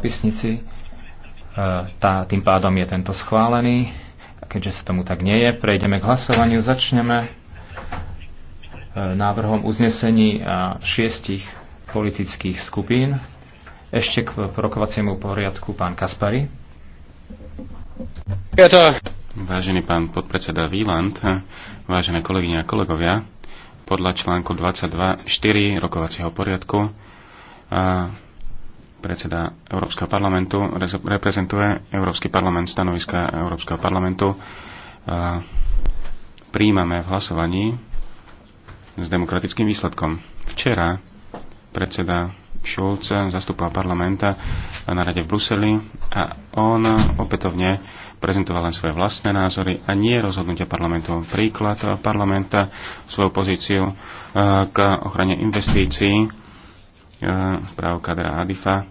zápisnici. E, tá, tým pádom je tento schválený. Keďže sa tomu tak nie je, prejdeme k hlasovaniu. Začneme e, návrhom uznesení e, šiestich politických skupín. Ešte k rokovaciemu poriadku pán Kaspari. Vážený pán podpredseda Výland, vážené kolegyne a kolegovia, podľa článku 22.4 rokovacieho poriadku predseda Európskeho parlamentu, reprezentuje Európsky parlament, stanoviska Európskeho parlamentu. Príjmame v hlasovaní s demokratickým výsledkom. Včera predseda Schulz zastupoval parlamenta na rade v Bruseli a on opätovne prezentoval len svoje vlastné názory a nie rozhodnutia parlamentu. Príklad parlamenta, svoju pozíciu k ochrane investícií správu Kadra Adifa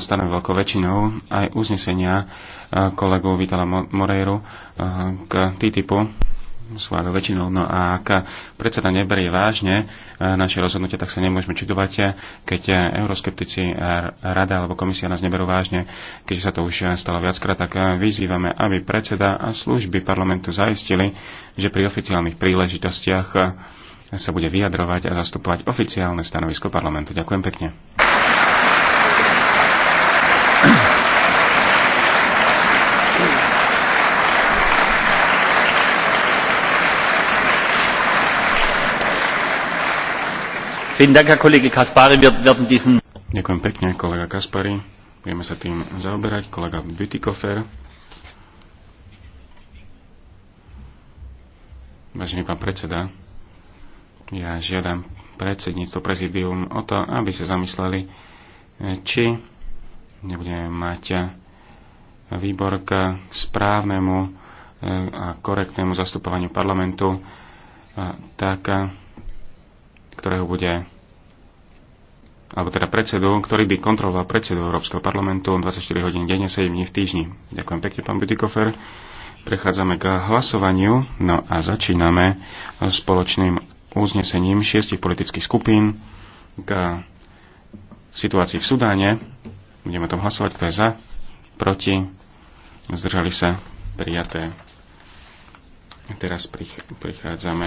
stanou veľkou väčšinou aj uznesenia kolegu Vitala Moreiru k TTIPu vládou väčšinou. No a ak predseda neberie vážne naše rozhodnutie, tak sa nemôžeme čudovať, keď euroskeptici rada alebo komisia nás neberú vážne, keďže sa to už stalo viackrát, tak vyzývame, aby predseda a služby parlamentu zaistili, že pri oficiálnych príležitostiach sa bude vyjadrovať a zastupovať oficiálne stanovisko parlamentu. Ďakujem pekne. Ďakujem pekne, kolega Kaspari. Budeme sa tým zaoberať. Kolega Bütikofer. Vážený pán predseda, ja žiadam predsedníctvo prezidium o to, aby sa zamysleli, či nebudeme mať výbor k správnemu e, a korektnému zastupovaniu parlamentu, e, tak, e, ktorého bude alebo teda predsedu, ktorý by kontroloval predsedu Európskeho parlamentu 24 hodín denne, 7 dní v týždni. Ďakujem pekne, pán Bytikofer. Prechádzame k hlasovaniu, no a začíname spoločným uznesením šiestich politických skupín k situácii v Sudáne. Budeme tom hlasovať, kto je za, proti, zdržali sa prijaté. Teraz prichádzame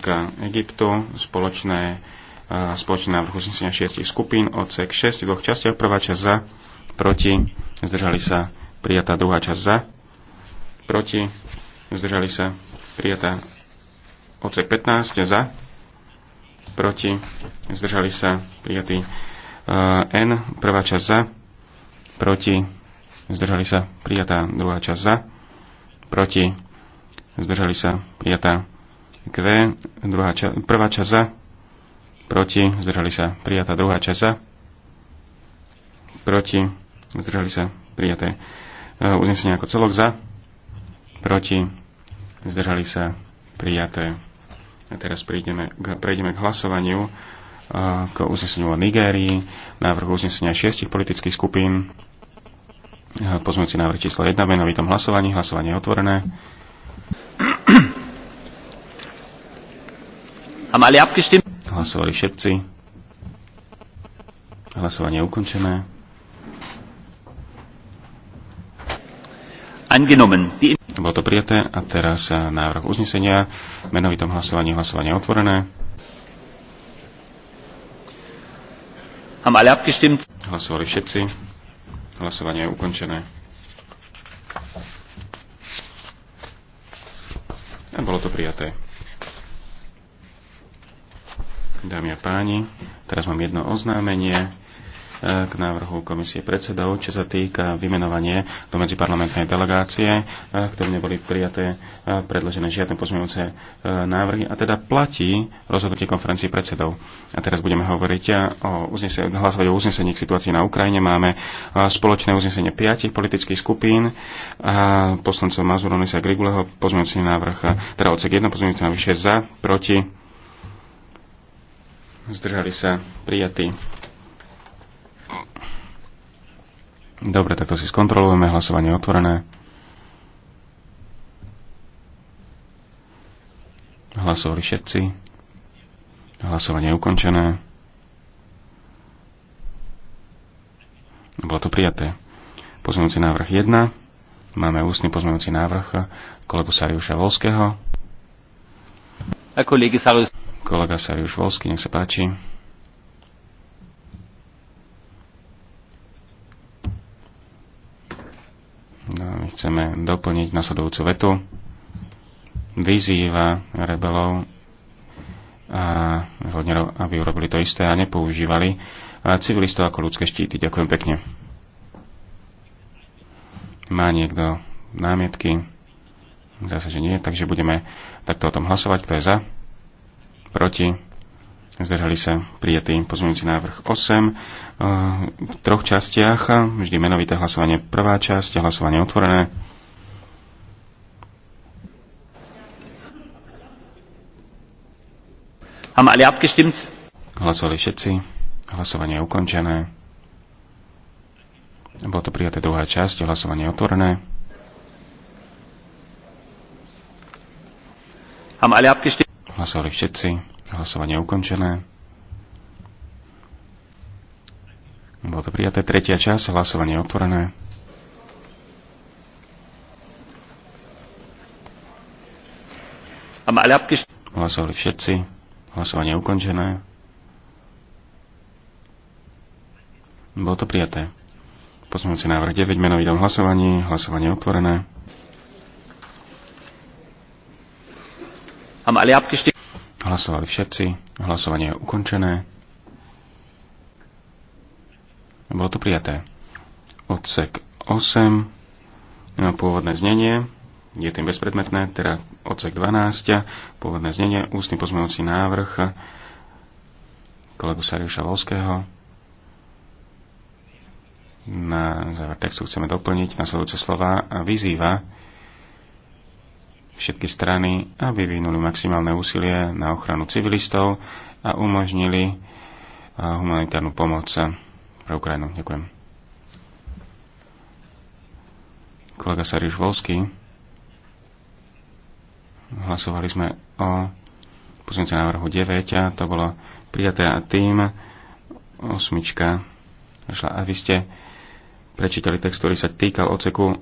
k Egyptu. Spoločné, spoločné návrh uznesenia šiestich skupín, odsek 6 v dvoch častiach. Prvá časť za, proti, zdržali sa prijatá druhá časť za, proti, zdržali sa prijatá odsek 15 za, proti, zdržali sa prijatí e, N, prvá časť za, proti, zdržali sa prijatá druhá časť za, proti, zdržali sa prijatá Q, druhá ča- prvá časť za, proti, zdržali sa prijatá druhá časť za, proti, zdržali sa prijaté e, uznesenie ako celok za, proti, zdržali sa prijaté a teraz prejdeme k, prejdeme k hlasovaniu k uzneseniu o Nigérii, návrhu uznesenia šiestich politických skupín, pozmeňujúci návrh číslo 1 v menovitom hlasovaní, hlasovanie je otvorené. Hlasovali všetci. Hlasovanie je ukončené. Die... Bolo to prijaté a teraz e, návrh uznesenia. Menovitom hlasovaní hlasovanie otvorené. Hlasovali všetci. Hlasovanie je ukončené. A bolo to prijaté. Dámy a páni, teraz mám jedno oznámenie k návrhu komisie predsedov, čo sa týka vymenovanie do medziparlamentnej delegácie, e, ktoré neboli prijaté e, predložené žiadne pozmeňujúce e, návrhy. A teda platí rozhodnutie konferencie predsedov. A teraz budeme hovoriť o uznese- hlasovať o uznesení k situácii na Ukrajine. Máme spoločné uznesenie piatich politických skupín a poslancov Mazuronisa Griguleho, pozmeňujúci návrh, teda odsek 1, pozmeňujúci návrh 6 za, proti, zdržali sa prijatí. Dobre, tak to si skontrolujeme. Hlasovanie je otvorené. Hlasovali všetci. Hlasovanie je ukončené. Bolo to prijaté. Pozmeňujúci návrh 1. Máme ústny pozmeňujúci návrh kolegu Sariuša Volského. Kolega Sariuš Volský, nech sa páči. My chceme doplniť nasledujúcu vetu. Vyzýva rebelov a hodnerov, aby urobili to isté a nepoužívali civilistov ako ľudské štíty. Ďakujem pekne. Má niekto námietky? Zase, že nie, takže budeme takto o tom hlasovať. Kto je za? Proti? Zdržali sa prijatý pozmeňujúci návrh 8 eh, v troch častiach. Vždy menovité hlasovanie prvá časť, hlasovanie otvorené. Haben alle abgestimmt? Hlasovali všetci. Hlasovanie je ukončené. Bolo to prijaté druhá časť, hlasovanie je otvorené. Haben alle abgestimmt? Hlasovali všetci. Hlasovanie ukončené. Bolo to prijaté. Tretia časť. Hlasovanie otvorené. Hlasovali všetci. Hlasovanie ukončené. Bolo to prijaté. si návrh 9 menovitom hlasovaní. Hlasovanie otvorené. Hlasovali všetci. Hlasovanie je ukončené. Bolo to prijaté. Odsek 8. No, pôvodné znenie je tým bezpredmetné, teda odsek 12, pôvodné znenie, ústny pozmeňujúci návrh kolegu Sariuša Volského. Na záver textu chceme doplniť nasledujúce slova a vyzýva všetky strany a vyvinuli maximálne úsilie na ochranu civilistov a umožnili eh, humanitárnu pomoc pre Ukrajinu. Ďakujem. Kolega Sariš Volský. Hlasovali sme o pozornice návrhu 9 a to bolo prijaté a tým osmička A vy ste prečítali text, ktorý sa týkal oceku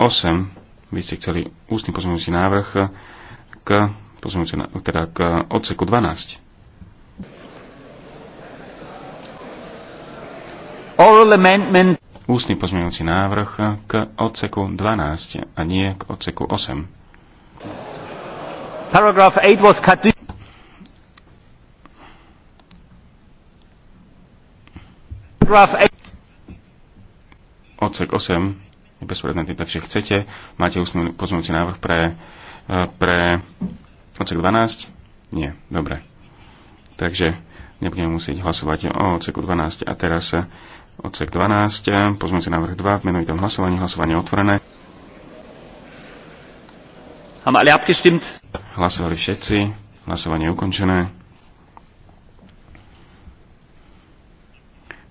8 by ste chceli ústny pozmeňujúci návrh k, teda k odseku 12. Oral amendment. Ústny pozmeňujúci návrh k odseku 12 a nie k odseku 8. Paragraf 8 was cut. Paragraf 8. Odsek 8 bezpredmetný, takže chcete, máte ústny pozmeňujúci návrh pre, e, pre odsek 12? Nie, dobre. Takže nebudeme musieť hlasovať o odseku 12 a teraz odsek 12, pozmeňujúci návrh 2 v menovitom hlasovaní, hlasovanie otvorené. Haben alle abgestimmt? Hlasovali všetci, hlasovanie je ukončené.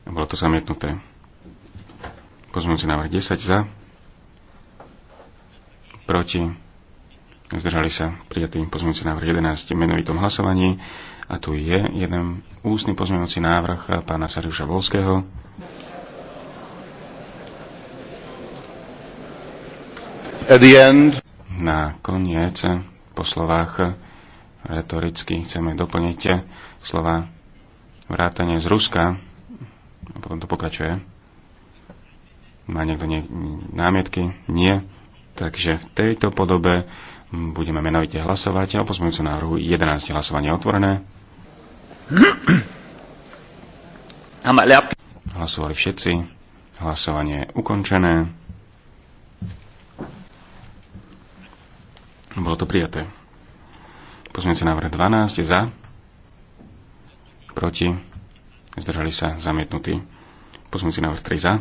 Bolo to zamietnuté. Pozmúci návrh 10 za. Proti. Zdržali sa prijatý pozmúci návrh 11 v menovitom hlasovaní. A tu je jeden ústny pozmúci návrh pána Sariuša Volského. At the end. Na koniec po slovách retoricky chceme doplniť slova vrátanie z Ruska. A potom to pokračuje má niekto nie, námietky? Nie. Takže v tejto podobe budeme menovite hlasovať o pozmeňujúcom návrhu 11 hlasovanie otvorené. Hlasovali všetci. Hlasovanie je ukončené. Bolo to prijaté. Pozmeňujúci návrh 12 za, proti, zdržali sa zamietnutí. Pozmeňujúci návrh 3 za,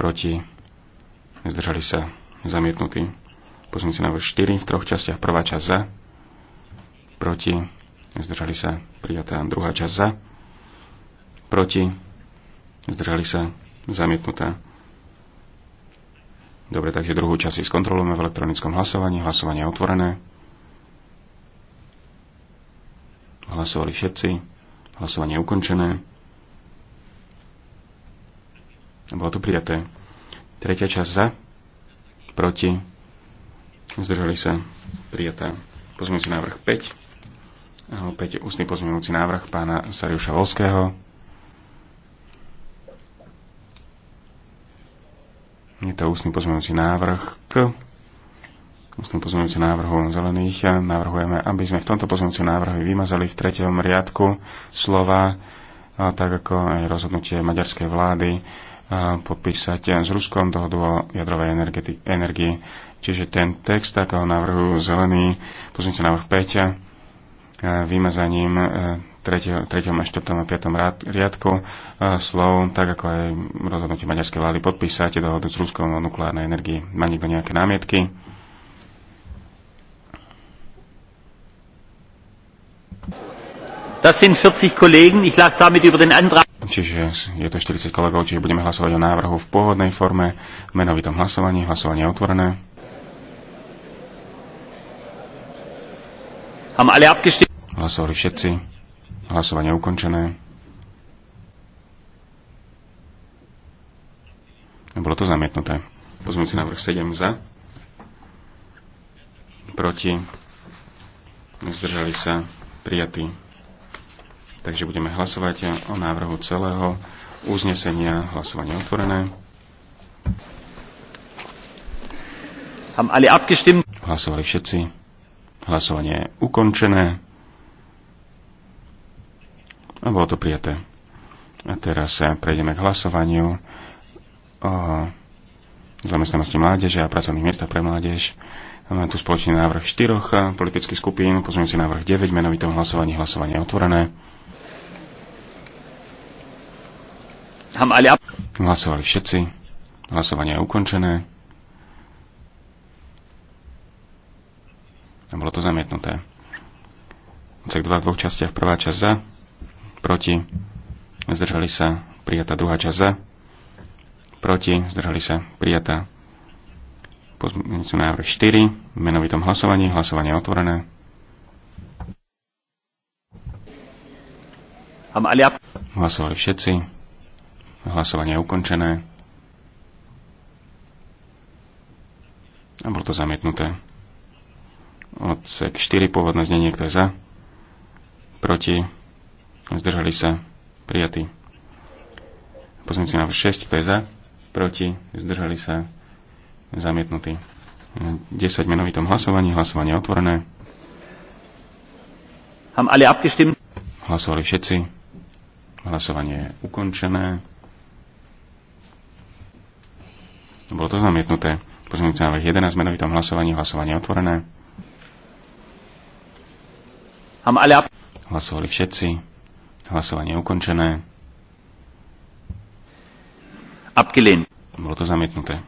proti, zdržali sa zamietnutí. Pozmeňujúci návrh 4 v troch častiach. Prvá časť za, proti, zdržali sa prijatá. Druhá časť za, proti, zdržali sa zamietnutá. Dobre, takže druhú časť si skontrolujeme v elektronickom hlasovaní. Hlasovanie je otvorené. Hlasovali všetci. Hlasovanie je ukončené. Bolo to prijaté. Tretia časť za, proti, zdržali sa, prijatá. Pozmeňujúci návrh 5. A opäť ústny pozmeňujúci návrh pána Sariuša Volského. Je to ústny pozmeňujúci návrh k ústnom pozmeňujúcom návrhu zelených navrhujeme, aby sme v tomto pozmeňujúcom návrhu vymazali v tretom riadku slova, tak ako aj rozhodnutie maďarskej vlády podpísať s Ruskom dohodu o jadrovej energii. Čiže ten text tak ho návrhu zelený, pozmite návrh 5, e, vymazaním 3., e, 3. a 4. a 5. riadku e, slov, tak ako aj rozhodnutie maďarskej vlády podpísať dohodu s Ruskom o nukleárnej energii. Má niekto nejaké námietky? Das sind 40 Kollegen. Ich lasse damit über den Antrag. Čiže je to 40 kolegov, čiže budeme hlasovať o návrhu v pôvodnej forme, v menovitom hlasovaní, hlasovanie je otvorené. Hlasovali všetci. Hlasovanie ukončené. Bolo to zamietnuté. Pozmúci návrh 7 za. Proti. Zdržali sa. Prijatý. Takže budeme hlasovať o návrhu celého uznesenia. Hlasovanie otvorené. Hlasovali všetci. Hlasovanie je ukončené. A bolo to prijaté. A teraz prejdeme k hlasovaniu o zamestnanosti mládeže a pracovných miestach pre mládež. Máme tu spoločný návrh štyroch politických skupín, pozmeňujúci návrh 9, menovitom hlasovaní, hlasovanie je otvorené. Hlasovali všetci. Hlasovanie je ukončené. A bolo to zamietnuté. Odsek 2 v dvoch častiach. Prvá časť za, proti, zdržali sa, prijatá druhá časť za, proti, zdržali sa, prijatá pozmeňujúci návrh 4 v menovitom hlasovaní. Hlasovanie je otvorené. Hlasovali všetci. Hlasovanie je ukončené. A bolo to zamietnuté. Odsek 4, pôvodné znenie, kto je za? Proti? Zdržali sa? Prijatý. Pozmite návrh 6, kto je za? Proti? Zdržali sa? Zamietnutý. 10 menovitom hlasovaní, hlasovanie otvorené. Haben alle abgestimmt? Hlasovali všetci. Hlasovanie je ukončené. Bolo to zamietnuté. Pozmeňujúci návrh 11 v menovitom hlasovaní. Hlasovanie otvorené. Hlasovali všetci. Hlasovanie ukončené. Abgelehnt. Bolo to zamietnuté.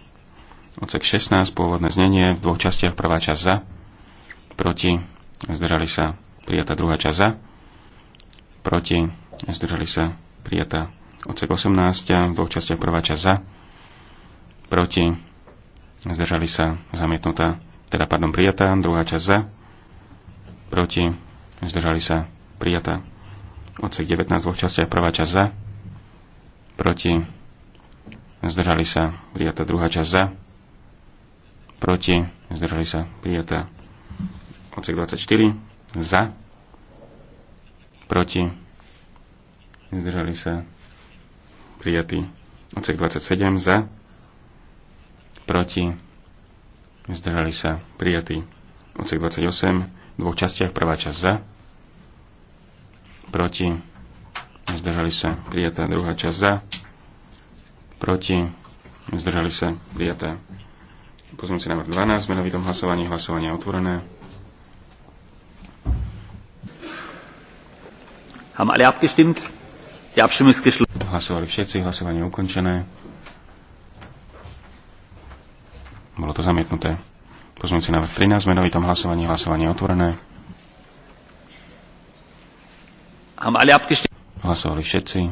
Odsek 16, pôvodné znenie, v dvoch častiach prvá časť za, proti, zdržali sa, prijatá druhá časť za, proti, zdržali sa, prijatá odsek 18, v dvoch častiach prvá časť za, proti, zdržali sa zamietnutá, teda pardon, prijatá, druhá časť za, proti, zdržali sa prijatá. Odsek 19 dvoch častiach, prvá časť za, proti, zdržali sa prijatá druhá časť za, proti, zdržali sa prijatá. Odsek 24 za, proti, zdržali sa prijatý. Odsek 27 za, proti, zdržali sa prijatí. Odsek 28 v dvoch častiach, prvá časť za, proti, zdržali sa prijatá druhá časť za, proti, zdržali sa prijatá. si návrh 12, menovitom hlasovaní, hlasovanie otvorené. Haben alle abgestimmt? Die Abstimmung ist geschlossen. Hlasovali všetci, hlasovanie ukončené. Bolo to zamietnuté. Pozmeňujúci návrh 13, menovitom hlasovaní, hlasovanie otvorené. Hlasovali všetci.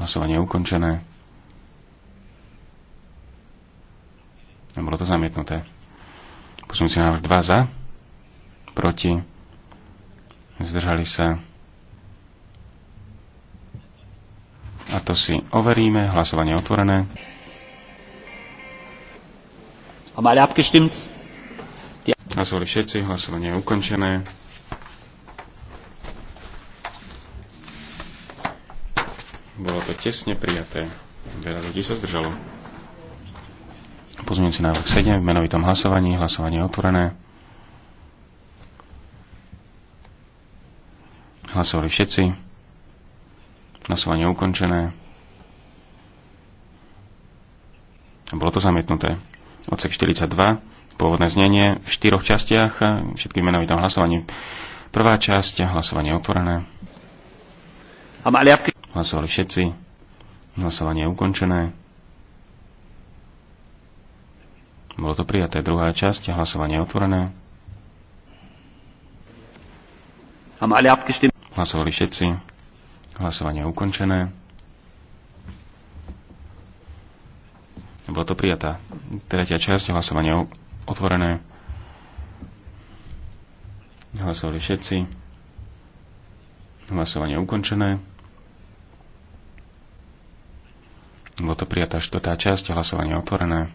Hlasovanie je ukončené. A bolo to zamietnuté. Posunúci návrh 2 za, proti, zdržali sa. A to si overíme. Hlasovanie je otvorené. Haben alle abgestimmt? Hlasovali všetci, hlasovanie je ukončené. Bolo to tesne prijaté. Veľa ľudí sa zdržalo. Pozmeňujúci návrh 7 v menovitom hlasovaní. Hlasovanie je otvorené. Hlasovali všetci. Hlasovanie je ukončené. A bolo to zamietnuté odsek 42, pôvodné znenie v štyroch častiach, všetkým menovitom hlasovaní. Prvá časť, hlasovanie otvorené. Hlasovali všetci. Hlasovanie je ukončené. Bolo to prijaté. Druhá časť, hlasovanie je otvorené. Hlasovali všetci. Hlasovanie je ukončené. Bolo to prijatá. Tretia časť hlasovania otvorené. Hlasovali všetci. Hlasovanie ukončené. Bolo to prijatá štvrtá časť, hlasovania otvorené.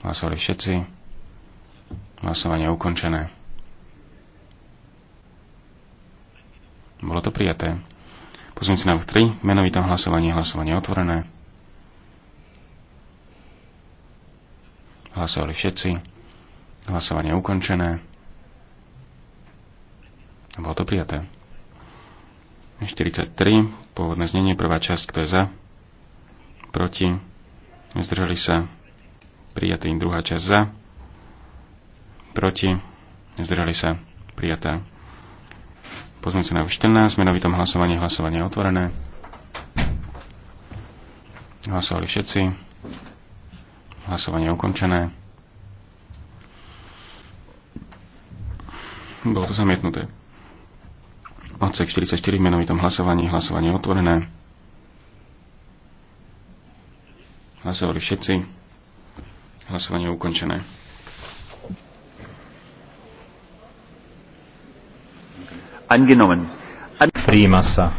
Hlasovali všetci. Hlasovanie ukončené. Bolo to prijaté. Pozmeňujúci návrh 3, menovité hlasovanie, hlasovanie otvorené. Hlasovali všetci. Hlasovanie ukončené. A bolo to prijaté. 43, pôvodné znenie, prvá časť, kto je za, proti, zdržali sa, prijatý, druhá časť za, proti, zdržali sa, prijatá. Pozmeňujúci návrh 14, menovitom hlasovaní, hlasovanie je otvorené. Hlasovali všetci. Hlasovanie je ukončené. Bolo to zamietnuté. Odsek 44 v menovitom hlasovaní, hlasovanie je otvorené. Hlasovali všetci. Hlasovanie ukončené. Angenommen. An Prima sa.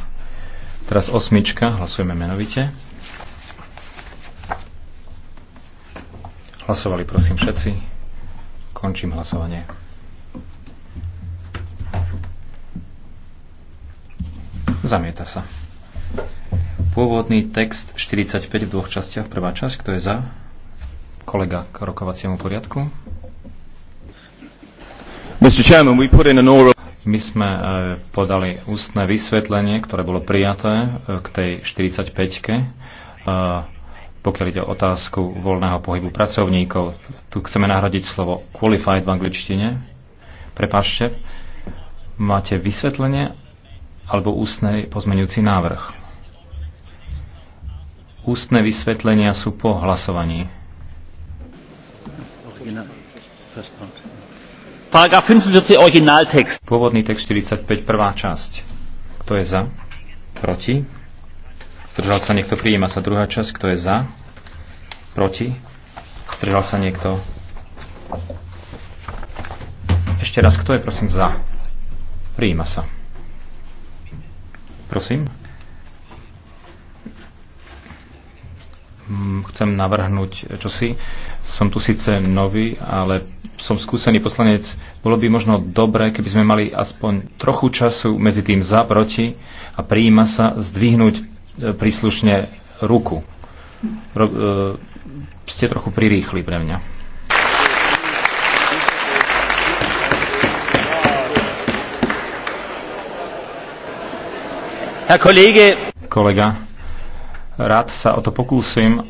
Teraz osmička, hlasujeme menovite. Hlasovali prosím všetci. Končím hlasovanie. Zamieta sa. Pôvodný text 45 v dvoch častiach. Prvá časť, kto je za? Kolega k rokovaciemu poriadku. Mr. Chairman, we put in an oral... My sme e, podali ústne vysvetlenie, ktoré bolo prijaté e, k tej 45-ke, e, pokiaľ ide o otázku voľného pohybu pracovníkov. Tu chceme nahradiť slovo qualified v angličtine. Prepašte, máte vysvetlenie alebo ústne pozmeňujúci návrh. Ústne vysvetlenia sú po hlasovaní. Paragraf 45 Originaltext. Pôvodný text 45, prvá časť. Kto je za? Proti? Zdržal sa niekto, prijíma sa druhá časť. Kto je za? Proti? Zdržal sa niekto? Ešte raz, kto je prosím za? Prijíma sa. Prosím. Mm, chcem navrhnúť čosi. Som tu síce nový, ale som skúsený poslanec. Bolo by možno dobré, keby sme mali aspoň trochu času medzi tým za, proti a prijíma sa zdvihnúť e, príslušne ruku. Ro, e, ste trochu prirýchli pre mňa. Herr Kollege. Kolega Rád sa o to pokúsim,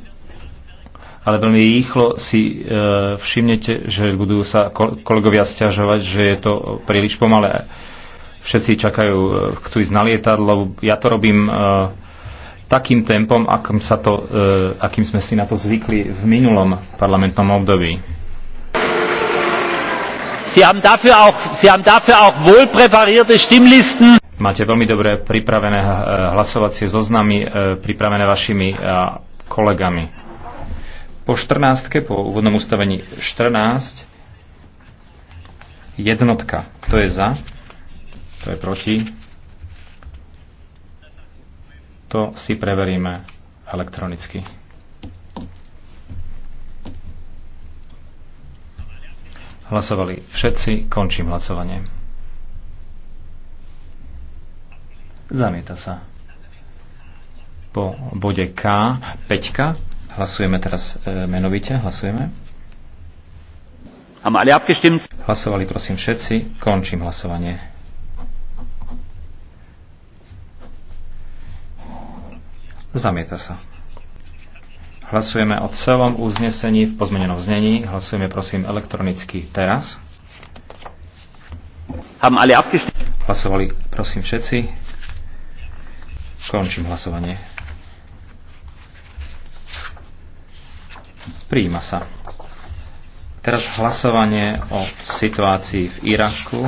ale veľmi rýchlo si e, všimnete, že budú sa kolegovia stiažovať, že je to príliš pomalé. Všetci čakajú, e, chcú ísť na lietadlo. Ja to robím e, takým tempom, akým, sa to, e, akým sme si na to zvykli v minulom parlamentnom období. Sie haben dafür auch, Sie haben dafür auch wohl präparierte Stimmlisten. Máte veľmi dobre pripravené eh, hlasovacie zoznamy, eh, pripravené vašimi eh, kolegami. Po 14, po úvodnom ustavení 14, jednotka. Kto je za? Kto je proti? To si preveríme elektronicky. Hlasovali všetci, končím hlasovanie. Zamieta sa. Po bode K, 5. Hlasujeme teraz e, menovite. Hlasujeme. Hlasovali prosím všetci. Končím hlasovanie. Zamieta sa. Hlasujeme o celom uznesení v pozmenenom znení. Hlasujeme prosím elektronicky teraz. Hlasovali prosím všetci. Končím hlasovanie. Príjima sa. Teraz hlasovanie o situácii v Iraku.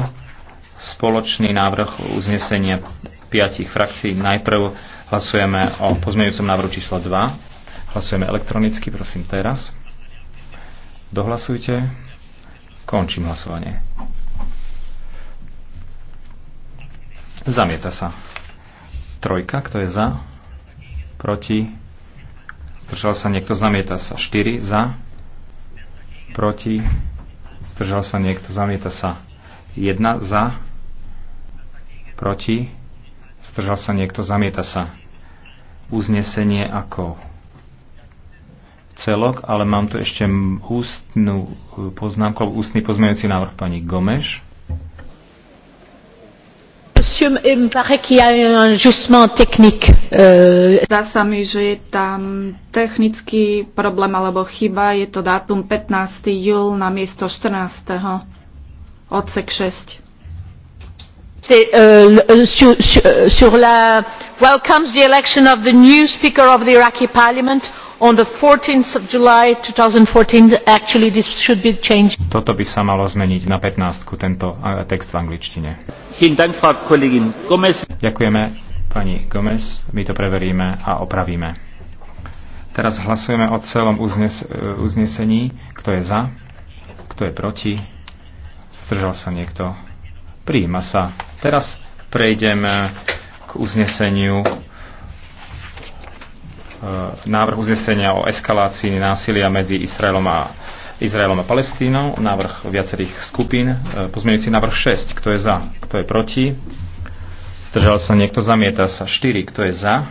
Spoločný návrh uznesenia piatich frakcií. Najprv hlasujeme o pozmeňujúcom návrhu číslo 2. Hlasujeme elektronicky, prosím, teraz. Dohlasujte. Končím hlasovanie. Zamieta sa. Trojka, kto je za? Proti? Zdržal sa niekto, zamieta sa. 4 za? Proti? Zdržal sa niekto, zamieta sa. 1 za? Proti? Zdržal sa niekto, zamieta sa. Uznesenie ako celok, ale mám tu ešte ústnu e, poznámku, ústny pozmeňujúci návrh pani Gomeš. Euh, Zdá sa mi, že je tam technický problém alebo chyba. Je to dátum 15. júl na miesto 14. odsek 6. C'est euh, euh, sur, sur, euh, sur la welcomes the election of the new speaker of the Iraqi parliament on the 14th of July 2014 actually this should be changed. Toto by sa malo zmeniť na 15 tento text v angličtine. Ďakujeme pani Gomez, my to preveríme a opravíme. Teraz hlasujeme o celom uznes- e, uznesení, kto je za, kto je proti, zdržal sa niekto, prijíma sa. Teraz prejdeme k uzneseniu E, návrh uznesenia o eskalácii násilia medzi Izraelom a, Izraelom a Palestínou, návrh viacerých skupín, e, pozmeňujúci návrh 6, kto je za, kto je proti, zdržal sa niekto, zamieta sa 4, kto je za,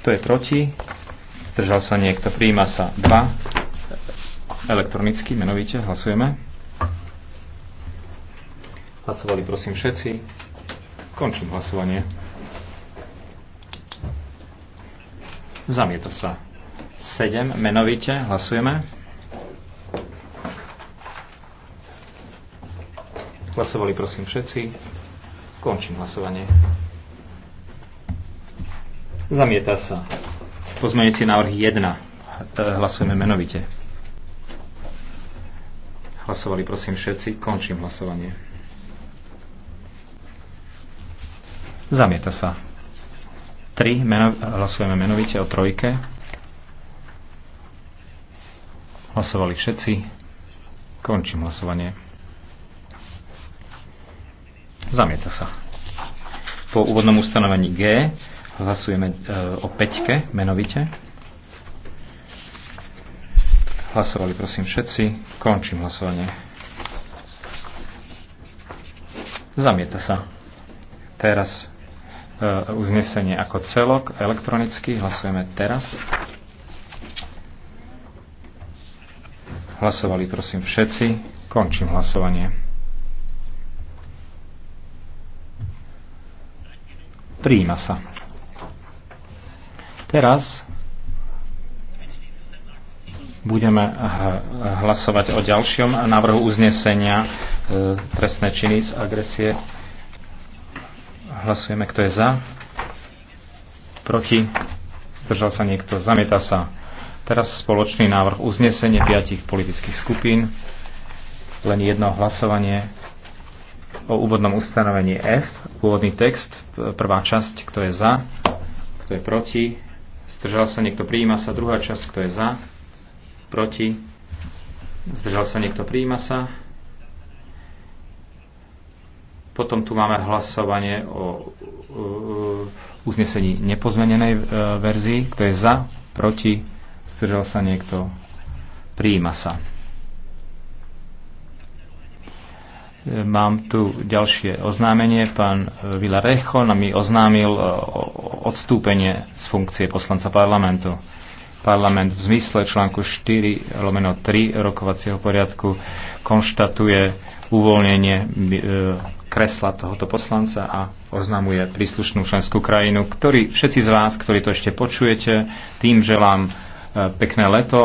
kto je proti, zdržal sa niekto, príjma sa 2, elektronicky, menovite, hlasujeme. Hlasovali prosím všetci. Končím hlasovanie. Zamieta sa. 7. Menovite. Hlasujeme. Hlasovali prosím všetci. Končím hlasovanie. Zamieta sa. Pozmeňujúci návrh 1. E, hlasujeme menovite. Hlasovali prosím všetci. Končím hlasovanie. Zamieta sa. 3, meno, hlasujeme menovite o trojke. Hlasovali všetci. Končím hlasovanie. Zamieta sa. Po úvodnom ustanovení G hlasujeme e, o peťke menovite. Hlasovali prosím všetci. Končím hlasovanie. Zamieta sa. Teraz E, uznesenie ako celok elektronicky. Hlasujeme teraz. Hlasovali prosím všetci. Končím hlasovanie. Príjima sa. Teraz budeme hlasovať o ďalšom návrhu uznesenia e, trestné činy z agresie Hlasujeme, kto je za. Proti. Zdržal sa niekto. Zamieta sa. Teraz spoločný návrh uznesenie piatich politických skupín. Len jedno hlasovanie o úvodnom ustanovení F. Pôvodný text, prvá časť, kto je za, kto je proti. Zdržal sa niekto, prijíma sa. Druhá časť, kto je za, proti. Zdržal sa niekto, prijíma sa. Potom tu máme hlasovanie o e, uznesení nepozmenenej e, verzii. Kto je za, proti, zdržal sa niekto, prijíma sa. E, mám tu ďalšie oznámenie. Pán Vila Recho nám mi oznámil odstúpenie z funkcie poslanca parlamentu. Parlament v zmysle článku 4 lomeno 3 rokovacieho poriadku konštatuje uvoľnenie kresla tohoto poslanca a oznamuje príslušnú členskú krajinu, ktorý všetci z vás, ktorí to ešte počujete, tým želám e, pekné leto.